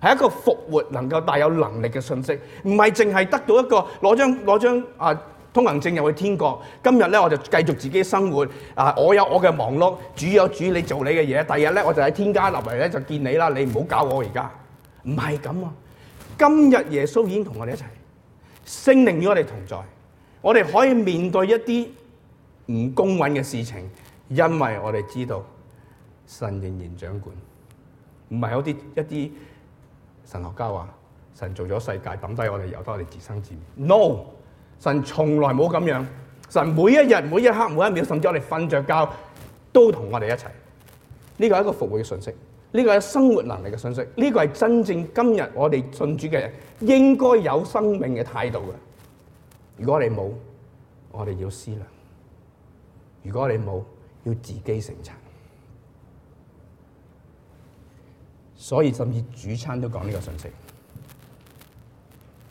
係一個復活能夠帶有能力嘅信息，唔係淨係得到一個攞張攞張啊。通行證又去天國，今日咧我就繼續自己生活，啊，我有我嘅忙碌，主有主你做你嘅嘢，第日咧我就喺天家入嚟咧就見你啦，你唔好搞我而家，唔係咁啊。今日耶穌已經同我哋一齊，聖靈與我哋同在，我哋可以面對一啲唔公允嘅事情，因為我哋知道神仍然掌管，唔係好似一啲神學家話神做咗世界抌低我哋，由得我哋自生自滅。No。神從來冇咁樣，神每一日，每一刻，每一秒，甚至我哋瞓着覺，都同我哋一齊。呢個係一個復活嘅信息，呢個係生活能力嘅信息，呢個係真正今日我哋信主嘅人應該有生命嘅態度嘅。如果你冇，我哋要思量；如果你冇，要自己省察。所以甚至主餐都講呢個信息，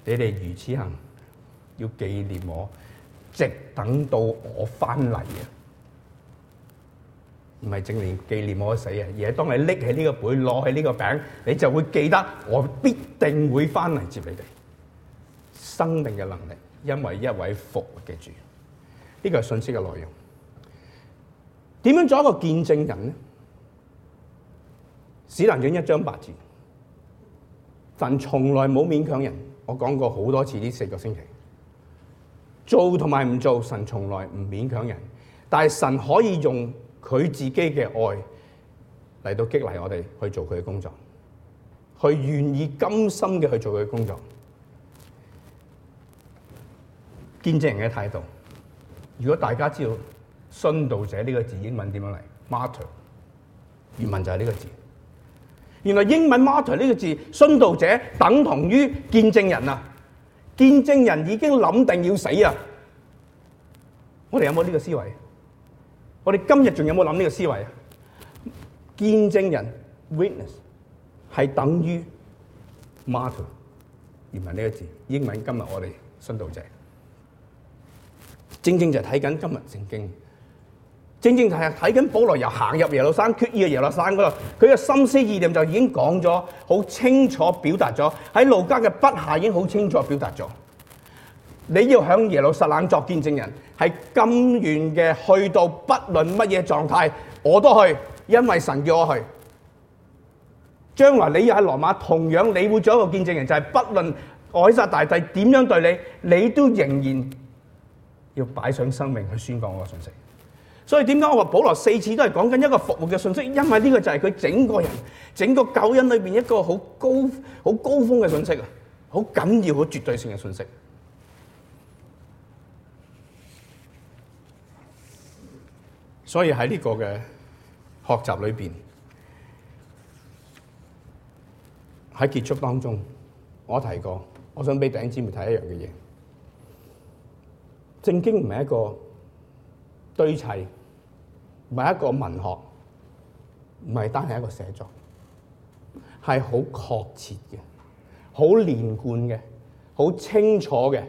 你哋如此行。要紀念我，直等到我翻嚟啊！唔係正念紀念我死啊！而係當你拎起呢個杯，攞起呢個餅，你就會記得我必定會翻嚟接你哋。生命嘅能力，因為一位復嘅主。呢個係信息嘅內容。點樣做一個見證人呢？只能用一張白紙。神從來冇勉強人。我講過好多次呢四個星期。做同埋唔做，神從來唔勉強人，但係神可以用佢自己嘅愛嚟到激勵我哋去做佢嘅工作，去願意甘心嘅去做佢嘅工作。見證人嘅態度，如果大家知道殉道者呢個字英文點樣嚟，martyr，原文就係呢個字，原來英文 martyr 呢個字殉道者等同於見證人啊。見證人已經諗定要死啊！我哋有冇呢個思維？我哋今日仲有冇諗呢個思維啊？見證人 （Witness） 係等於 （martyr） 原文呢個字，英文今日我哋殉道者正正就睇緊今日聖經。正正係睇緊保羅又行入耶路撒冷決意嘅耶路撒冷嗰度，佢嘅心思意念就已經講咗好清楚，表達咗喺路加嘅筆下已經好清楚表達咗。你要響耶路撒冷作見證人，係咁遠嘅去到，不論乜嘢狀態我都去，因為神叫我去。將來你要喺羅馬，同樣你會做一個見證人，就係不論凱撒大帝點樣對你，你都仍然要擺上生命去宣講嗰個信息。所以點解我話保羅四次都係講緊一個服務嘅信息？因為呢個就係佢整個人、整個救恩裏邊一個好高、好高峯嘅信息啊，好緊要、好絕對性嘅信息。所以喺呢個嘅學習裏邊，喺結束當中，我提過，我想俾弟兄姊妹睇一樣嘅嘢。正經唔係一個堆砌，唔係一個文學，唔係單係一個寫作，係好確切嘅，好連貫嘅，好清楚嘅，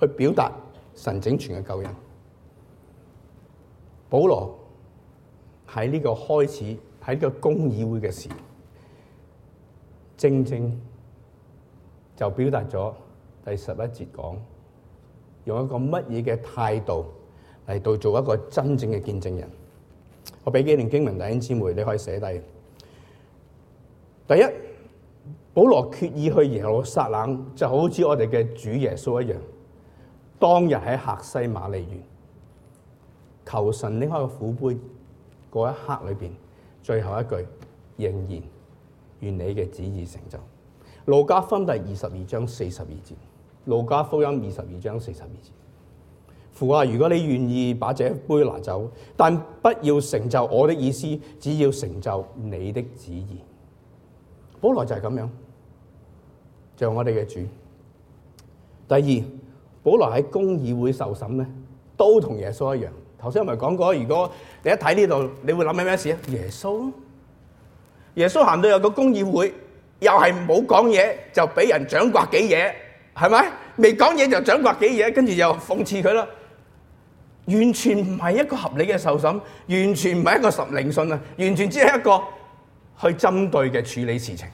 去表達神整全嘅救恩。保羅喺呢個開始喺呢個公議會嘅時候，正正就表達咗第十一節講，用一個乜嘢嘅態度？嚟到做一個真正嘅見證人，我俾幾段經文，弟兄姊妹你可以寫低。第一，保羅決意去耶路撒冷，就好似我哋嘅主耶穌一樣，當日喺客西馬尼園，求神拎開個苦杯嗰一刻裏邊，最後一句仍然願你嘅旨意成就。路加福音第二十二章四十二節，路加福音二十二章四十二節。如果你願意把這杯拿走，但不要成就我的意思，只要成就你的旨意。保羅就係咁樣，像、就係、我哋嘅主。第二，保羅喺公議會受審咧，都同耶穌一樣。頭先我咪講過，如果你一睇呢度，你會諗起咩事啊？耶穌，耶穌行到有個公議會，又係冇講嘢就俾人掌摑幾嘢，係咪？未講嘢就掌摑幾嘢，跟住又諷刺佢啦。完全唔係一個合理嘅受審，完全唔係一個實聆訊啊！完全只係一個去針對嘅處理事情，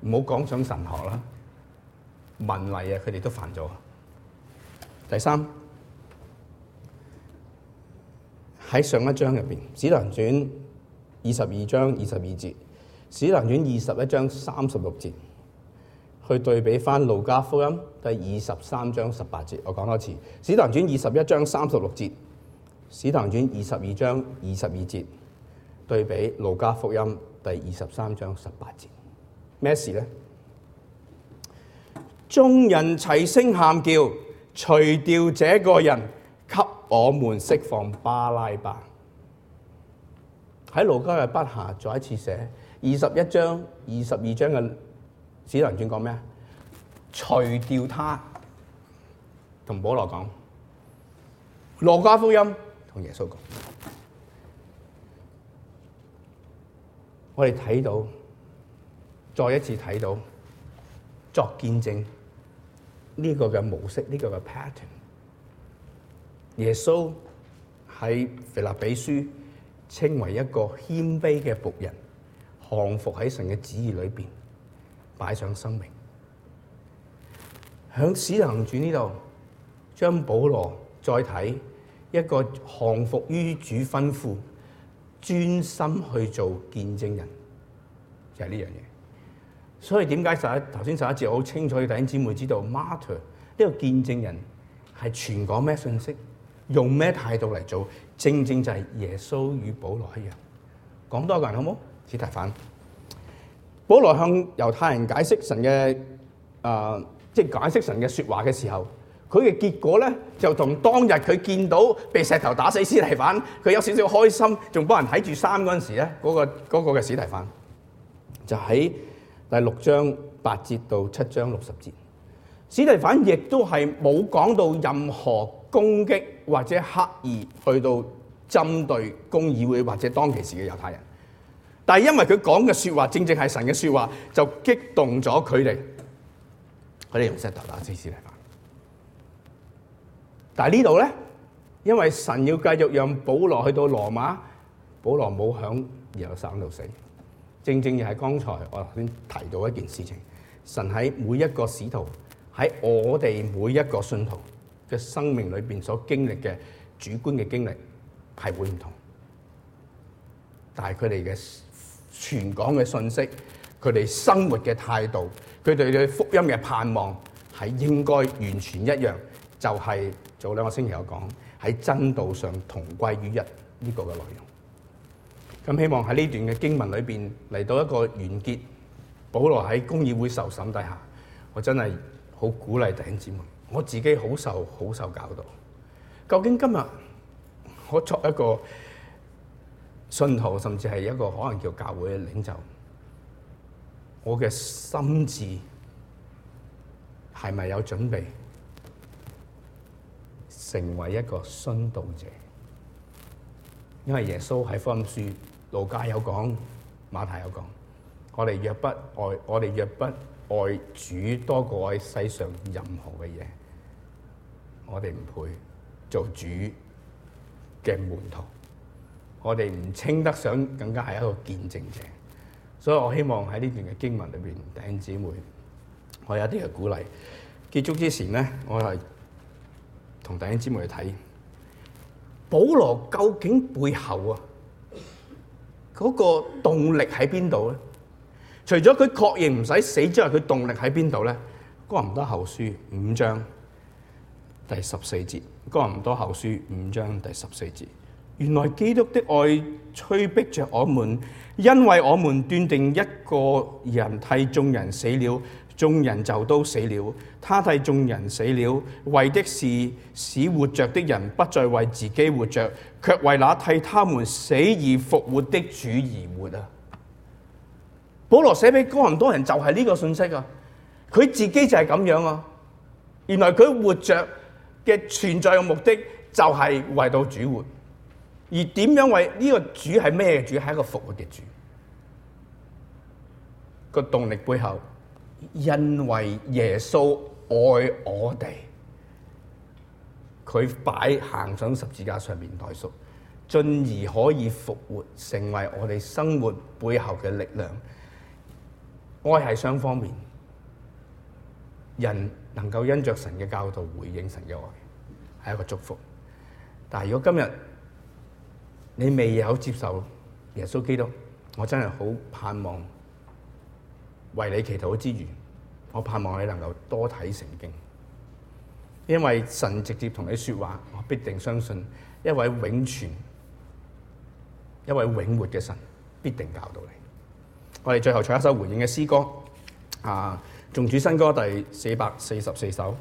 唔好講上神學啦，文例啊，佢哋都犯咗。第三，喺上一章入邊，使徒行傳二十二章二十二節，使徒行傳二十一章三十六節。去對比翻路加福音第二十三章十八節，我講多次《使徒行傳》二十一章三十六節，《使徒行傳》二十二章二十二節，對比路加福音第二十三章十八節，咩事呢？眾人齊聲喊叫：除掉這個人，給我們釋放巴拉巴！喺路加嘅筆下再一次寫二十一章二十二章嘅。使徒行傳講咩？除掉他同保羅講，路加福音同耶穌講，我哋睇到，再一次睇到作見證呢個嘅模式，呢個嘅 pattern。耶穌喺腓立比書稱為一個謙卑嘅僕人，降服喺神嘅旨意裏邊。擺上生命，響使行傳呢度，將保羅再睇一個降服於主吩咐，專心去做見證人，就係呢樣嘢。所以點解十頭先十一節我好清楚聽？要等姊妹知道 martyr 呢個見證人係全講咩信息，用咩態度嚟做？正正就係耶穌與保羅一樣。講多個人好冇？司提反。保羅向猶太人解釋神嘅誒、呃，即係解釋神嘅說話嘅時候，佢嘅結果咧就同當日佢見到被石頭打死司提反，佢有少少開心，仲幫人睇住衫嗰陣時咧，嗰、嗰個、嗰個嘅司提反就喺第六章八節到七章六十節，司提反亦都係冇講到任何攻擊或者刻意去到針對公議會或者當其時嘅猶太人。但係因為佢講嘅說話正正係神嘅說話，就激動咗佢哋。佢哋用石頭打司提反嚟講。但係呢度咧，因為神要繼續讓保羅去到羅馬，保羅冇響猶省度死。正正亦係剛才我頭先提到一件事情，神喺每一個使徒喺我哋每一個信徒嘅生命裏邊所經歷嘅主觀嘅經歷係會唔同，但係佢哋嘅。全港嘅信息，佢哋生活嘅態度，佢哋對他福音嘅盼望，係應該完全一樣，就係、是、早兩個星期有講，喺真道上同歸於一呢個嘅內容。咁希望喺呢段嘅經文裏邊嚟到一個完結。保羅喺公議會受審底下，我真係好鼓勵弟兄姊妹，我自己好受好受教導，究竟今日我作一個。信徒甚至係一個可能叫教會嘅領袖，我嘅心智係咪有準備成為一個殉道者？因為耶穌喺福音書路加有講，馬太有講，我哋若不愛我哋若不愛主，多過愛世上任何嘅嘢，我哋唔配做主嘅門徒。我哋唔稱得上更加係一個見證者，所以我希望喺呢段嘅經文裏邊，弟兄姊妹，我有一啲嘅鼓勵。結束之前咧，我係同弟兄姊妹去睇，保羅究竟背後啊嗰個動力喺邊度咧？除咗佢確認唔使死之外，佢動力喺邊度咧？哥林多後書五章第十四節，哥林多後書五章第十四節。原來基督的愛催逼着我們，因為我們斷定一個人替眾人死了，眾人就都死了。他替眾人死了，為的是使活着的人不再為自己活着，卻為那替他們死而復活的主而活啊！保羅寫俾哥林多人就係呢個信息啊！佢自己就係咁樣啊！原來佢活着嘅存在嘅目的就係為到主活。而點樣為呢個主係咩主？係一個復活嘅主，個動力背後，因為耶穌愛我哋，佢擺行上十字架上面代贖，進而可以復活，成為我哋生活背後嘅力量。愛係雙方面，人能夠因着神嘅教導回應神嘅愛，係一個祝福。但係如果今日，你未有接受耶穌基督，我真係好盼望為你祈禱之餘，我盼望你能夠多睇聖經，因為神直接同你説話，我必定相信一位永存、一位永活嘅神必定教導你。我哋最後唱一首回應嘅詩歌，啊《啊頌主新歌》第四百四十四首。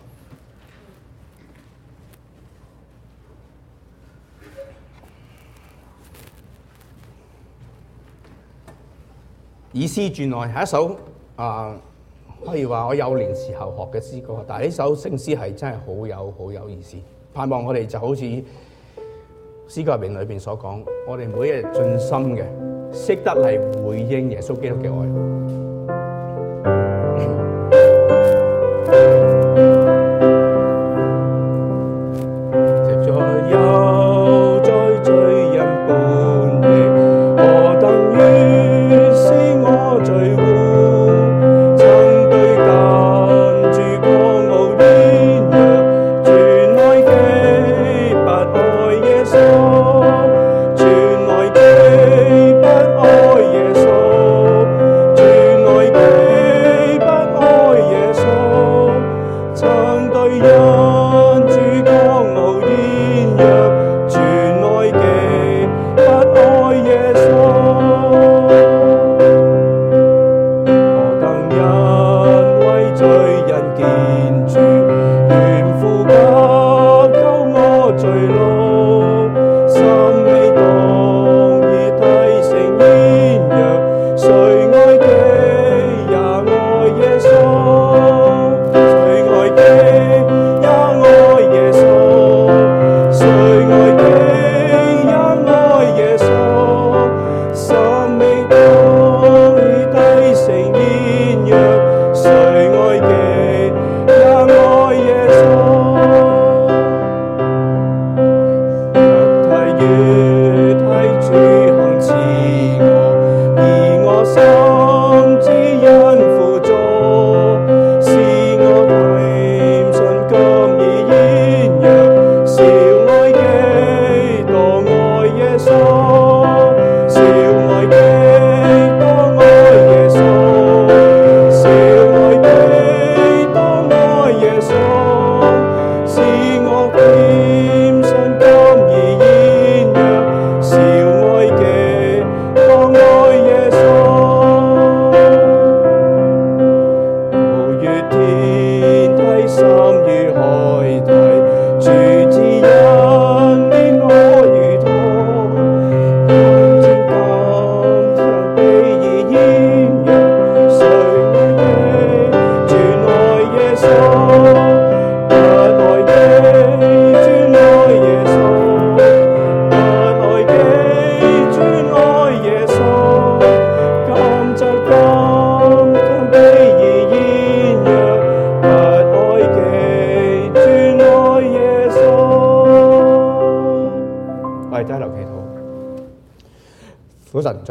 以詩轉愛係一首啊，可以話我幼年時候學嘅詩歌，但係呢首聖詩係真係好有好有意思。盼望我哋就好似《詩歌名》裏邊所講，我哋每一日盡心嘅，識得嚟回應耶穌基督嘅愛。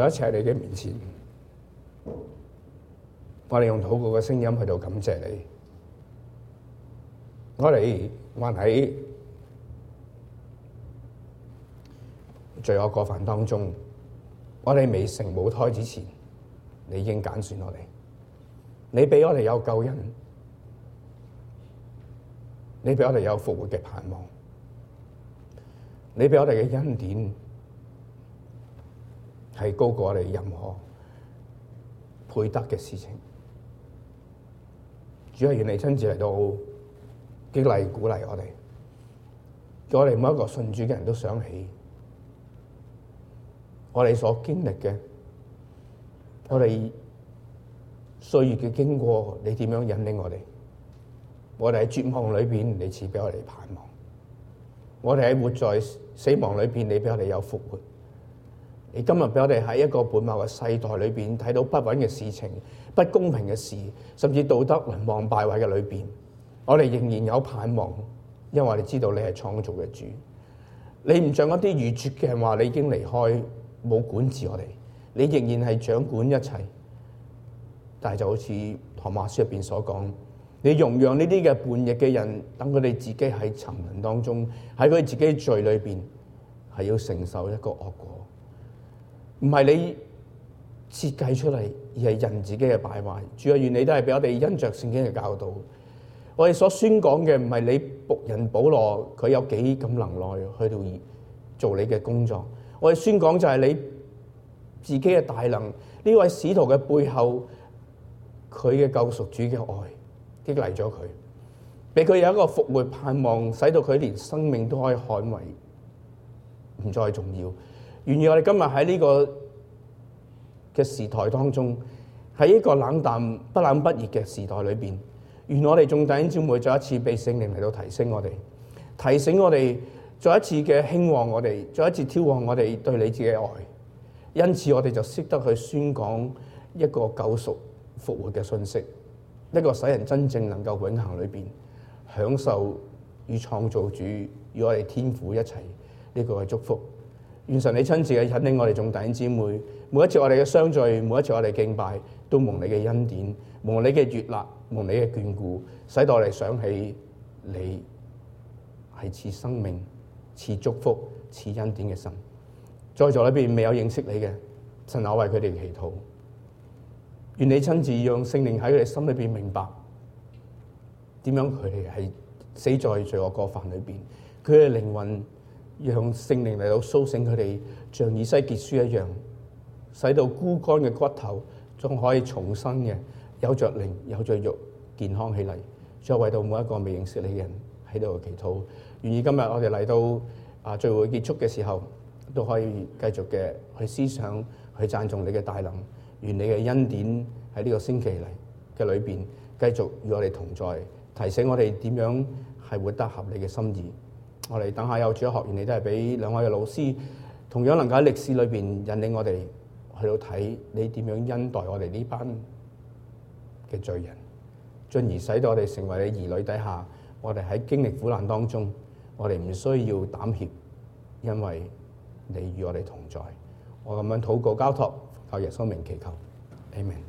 一切喺你嘅面前，我哋用禱告嘅聲音去到感謝你。我哋還喺罪惡過犯當中，我哋未成母胎之前，你已經揀選落嚟。你俾我哋有救恩，你俾我哋有復活嘅盼望，你俾我哋嘅恩典。係高過我哋任何配得嘅事情。主係願你親自嚟到激勵鼓勵我哋，叫我哋每一個信主嘅人都想起我哋所經歷嘅，我哋歲月嘅經過，你點樣引領我哋。我哋喺絕望裏邊，你賜俾我哋盼望；我哋喺活在死亡裏邊，你俾我哋有復活。你今日俾我哋喺一個悖謬嘅世代裏面睇到不穩嘅事情、不公平嘅事，甚至道德淪亡敗壞嘅裏面，我哋仍然有盼望，因為我哋知道你係創造嘅主。你唔像一啲愚拙嘅人話你已經離開冇管治我哋，你仍然係掌管一切。但係就好似《羅馬書》入面所講，你容讓呢啲嘅叛逆嘅人等佢哋自己喺沉淪當中，喺佢自己罪裏面，係要承受一個惡果。唔係你設計出嚟，而係人自己嘅敗壞。主啊，願你都係俾我哋因着聖經嘅教導。我哋所宣講嘅唔係你僕人保羅，佢有幾咁能耐去到做你嘅工作。我哋宣講就係你自己嘅大能。呢位使徒嘅背後，佢嘅救贖主嘅愛激勵咗佢，俾佢有一個復活盼望，使到佢連生命都可以看為唔再重要。願我哋今日喺呢個嘅時代當中，喺一個冷淡不冷不熱嘅時代裏邊，願我哋眾弟兄姊妹再一次,次被聖靈嚟到提升我哋，提醒我哋再一次嘅興旺我哋，我哋再一次挑旺我哋對你自己嘅愛。因此我哋就識得去宣講一個救贖復活嘅信息，一個使人真正能夠永恒裏邊享受與創造主與我哋天父一齊呢、這個係祝福。願神你親自嘅引領我哋眾弟兄姊妹，每一次我哋嘅相聚，每一次我哋敬拜，都蒙你嘅恩典，蒙你嘅悅納，蒙你嘅眷顧，使到我哋想起你係賜生命、賜祝福、賜恩典嘅神。在座裏邊未有認識你嘅，神我為佢哋祈禱，願你親自用聖靈喺佢哋心裏邊明白，點樣佢哋係死在罪惡過犯裏邊，佢嘅靈魂。讓聖靈嚟到甦醒佢哋，像以西結書一樣，使到枯乾嘅骨頭仲可以重生嘅，有着靈有着肉，健康起嚟。再為到每一個未認識你嘅人喺度祈禱，願意今日我哋嚟到啊聚會結束嘅時候，都可以繼續嘅去思想，去讚頌你嘅大能，願你嘅恩典喺呢個星期嚟嘅裏邊，繼續與我哋同在，提醒我哋點樣係活得合理嘅心意。我哋等下有主學的學員，你都係俾兩位嘅老師，同樣能夠喺歷史裏邊引領我哋去到睇你點樣恩待我哋呢班嘅罪人，進而使到我哋成為你兒女底下，我哋喺經歷苦難當中，我哋唔需要膽怯，因為你與我哋同在。我咁樣禱告交託，求耶穌名祈求，阿門。